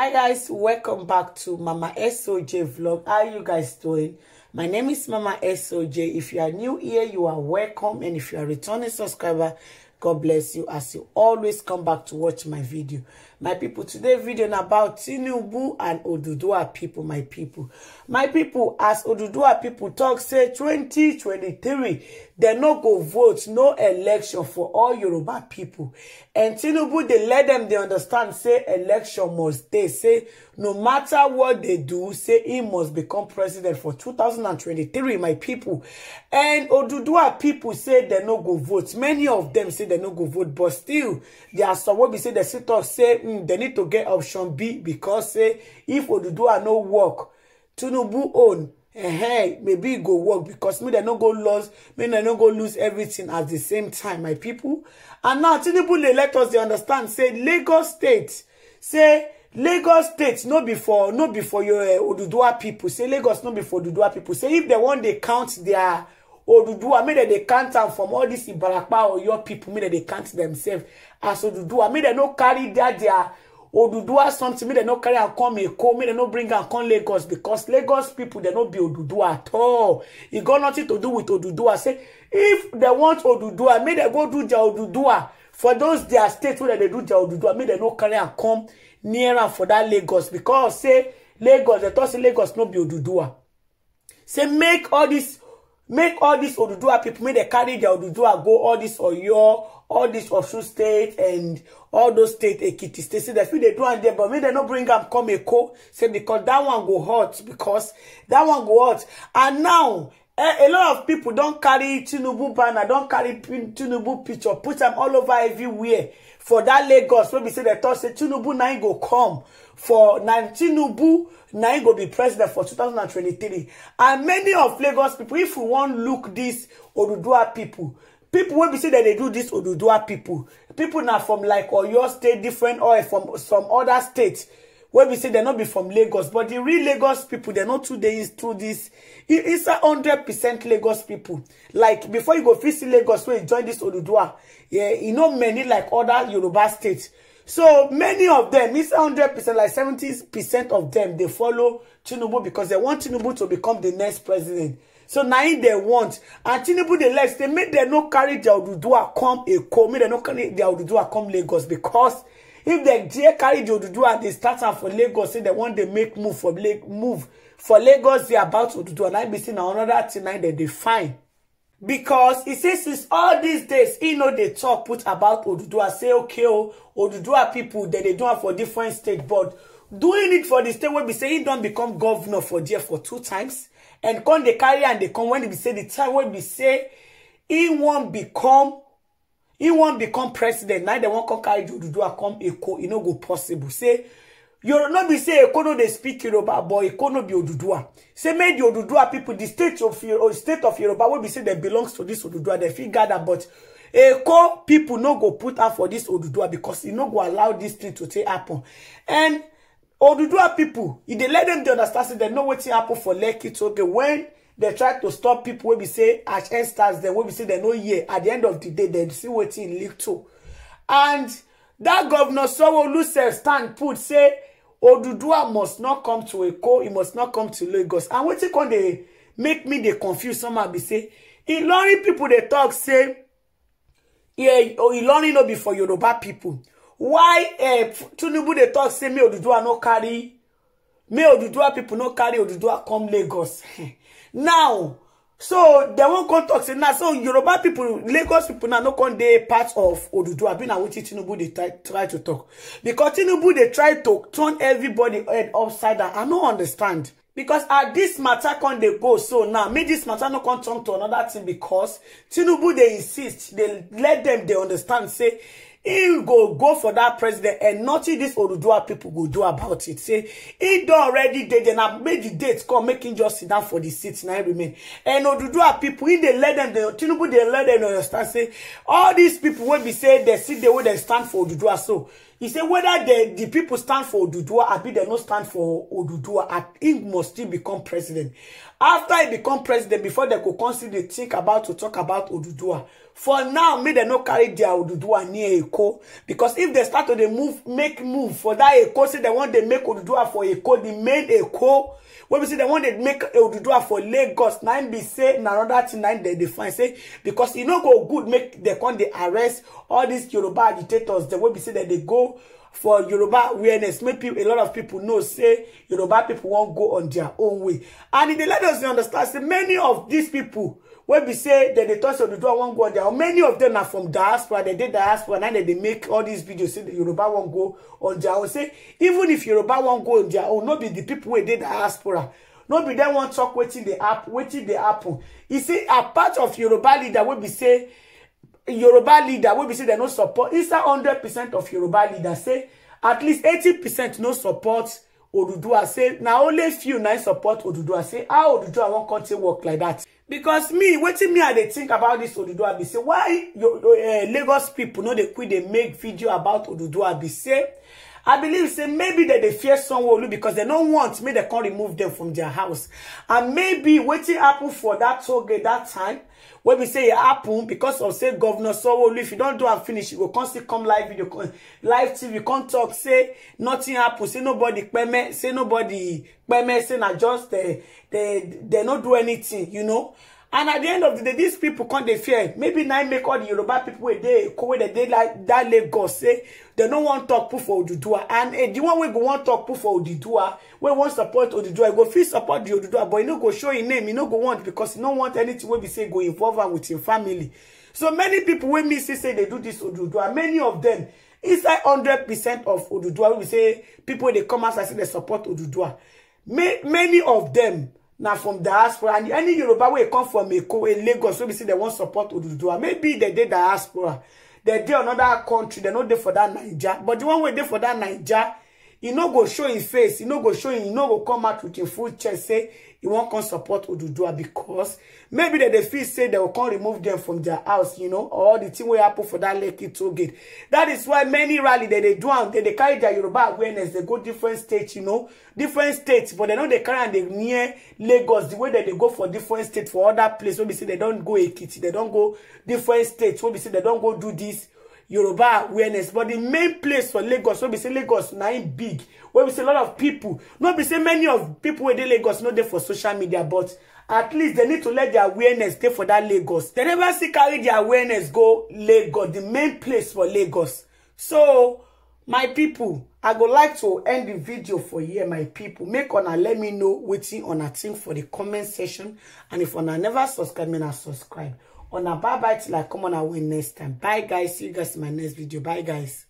hi guys welcome back to mama soj vlog how you guys doing my name is mama soj if you are new here you are welcome and if you are returning subscriber god bless you as you always come back to watch my video my people today video about tinubu and oduduwa people my people my people as oduduwa people talk say 2023 dem no go vote no election for all yoruba pipo and tinubu dey let dem dey understand say election must dey say no matter what dey do say he must become president for two thousand and twenty-three, my pipo and oduduwa pipo say dem no go vote many of dem say dem no go vote but still dia some wey be say dem still tok say dem hmm, need to get option b because say if oduduwa no work tinubu own hey, maybe e go work because me they no go lose me they no go lose everything at the same time my people and now tinubu they let us they understand say lagos state say lagos state no before, for no be your uh, oduduwa people say lagos no before for people say if they want, they count their oduduwa Me, dem they count am from all this dis or your people Me, dem they count themselves as oduduwa Me, they no carry that their Oduduwa something, me they no carry and come Eko, me they no bring and come Lagos because Lagos people they no be Oduduwa at all. It got nothing to do with Oduduwa. Say if they want Oduduwa, me they go do their Oduduwa. For those their states where they do their Oduduwa, me they no carry and come nearer for that Lagos because say Lagos, they thought say Lagos no be Oduduwa. Say make all this make all these Oduduwa people, me they carry their Oduduwa go all this Oyo, all this Osun State and all those state ekiti state say dem fit dey do am there but make they no bring am come eko say because that one go hot because that one go hot and now eh, a lot of people don carry tinubu banner don carry tinubu picture put am all over everywhere for that lagos wey be say they tok say tinubu na im go come for na tinubu na im go be president for two thousand and twenty three. And many of lagos people, if we wan look this oduduwa people, people wey be say dem dey do this oduduwa people. People now from like or your state different or from some other states where we say dem not be from lagos but the real lagos people dem not too days through this. it's a hundred percent lagos people. like before you go visit Lagos, lagos you join this oduduwa yeah you know many like other yoruba states so many of them, it's a hundred percent like seventy percent of them, they follow tinubu because they want tinubu to become the next president so na im dem want and tinubu dey like say make dem no carry their oduduwa come eko make dem no carry their oduduwa come lagos because if dem dare carry di oduduwa dey start am for lagos say dem wan dey make move for move for lagos dey about oduduwa and ibc na anoda tin na dem dey find because e say since all these days e no dey talk put about oduduwa say okay o oh, oduduwa pipo dem dey do am for different state but doing it for the state wey be say e don become governor for there for two times and come dey carry and they come when be say the time when be say he won't become he won't become president Now they won't come carry Odùduwà come Èkó it no go possible say Yoruba no be say Èkó no they speak Yoruba but Èkó no be Odùduwà say make the people the state of your state of Yoruba wey be say they belongs to this Odùduwà They fit gather but Èkó people no go put am for this Odùduwà because e no go allow this thing to take happen and Oduduwa people, if they let them to understand, so they know what's happening for Lekki Toge. When they try to stop people, wey be say as end stars, They will be say they know. Yeah, At the end of the day, they see what's in leak to. And that governor Sanwo-Olu stand put say Oduduwa must not come to Eko, he must not come to Lagos. And wetin come they make me they confuse somehow be say Ilorin people they talk say yeah, Ilorin no be for Yoruba people why eh, tinubu they talk say may oduduwa no carry me oduduwa people no carry oduduwa come lagos now so they won't come talk say na so yoruba people, lagos people now no come dey part of oduduwa bin a wetin tinubu they try try to talk because tinubu they try to turn everybody head upside down i no understand because at this matter can they go so now me this matter no come turn to another thing because tinubu they insist they let them they understand say he go go for that president and nothing this oduduwa people will do about it say he don already did, and I made the date come making just sit down for di seat na remain and oduduwa people, he they let them dem tinubu they let them understand say all these people wey be say they sit dey wey they stand for oduduwa so He said whether the, the people stand for Odudua, I be they not stand for Odudua, he must still become president. After he become president, before they could consider think about to talk about Odudua. For now, may they not carry their Odudua near Eko. Because if they start to they move, make move for that Eko, say they want to make Odudua for Eko, the main Eko. When we say they want to make Odudua for Lagos, nine B say another thing nine they define say because you e know go good make they come they arrest all these Yoruba agitators. The way we say that they go for yoruba awareness make people a lot of people know say yoruba people won't go on their own way and e dey let us understand say many of these people when we say that dey touch odudu wan go on their own many of them are from diaspora They did diaspora and dem dey make all these videos say yoruba won't go on their own say even if yoruba won't go on their own not be the people who did diaspora Not be them wan talk waiting the app, waiting the apple. you see a part of yoruba leader wey be say yoruba leader will be say they no support Is that hundred percent of yoruba leaders say at least eighty percent no support oduduwa say Now only few nine support oduduwa say how oduduwa wan come work like that because me waiting me i they think about this oduduwa be say why eh, lagos people know they quit they make video about oduduwa be say I believe say maybe that they fear someone because they don't want me they can't remove them from their house. And maybe wetin happen for that toll that time, when we say it happen because of say Governor sanwo if you don't do and finish, you will constantly come live video, live TV, Can't talk, say nothing happen, say nobody peme, say nobody peme, say not just eh, they, they, they not do anything, you know and at the end of the day these people can't they fear maybe now make all the yoruba people where they eko wey they like that lagos say eh? They don't want tok put for oduduwa and eh, the one wey go want tok put for oduduwa wey wan support oduduwa go fit support di oduduwa but e no go show im name e no go want because e no want anything where we say go involve with your family so many people wey me see say they do this oduduwa many of them inside hundred percent of oduduwa we say people they come come outside say they support oduduwa many of them. Now from diaspora and any yoruba wey come from eko in eh, lagos so be see they won't support oduduwa maybe dem dey diaspora dem dey another country They're not there for that naija but the one wey dey for that naija e no go show him face e no go show him e no go come out with a full chest say he won't come support Odudua because maybe dem dey feel say they go come remove them from their house you know or the thing will happen for that Lekki toll gate that is why many rally that they do am They dey carry their Yoruba awareness They go different states you know different states but they know they carry and they near Lagos the way that they go for different states for other place wey they say dem don go Ekiti dem don go different states wey they say dem don go do this yoruba awareness but the main place for lagos wey be say lagos na im big wey be say lot of people. Not we say many of people wey dey lagos Not there for social media but at least they need to let their awareness dey for that lagos They never see carry their awareness go lagos the main place for lagos so my people, i would like to end the video for here my people. make una let me know on a thing for the comment section and if una never subscribe make una subscribe on a bye bye till i come on our win next time bye guys see you guys in my next video bye guys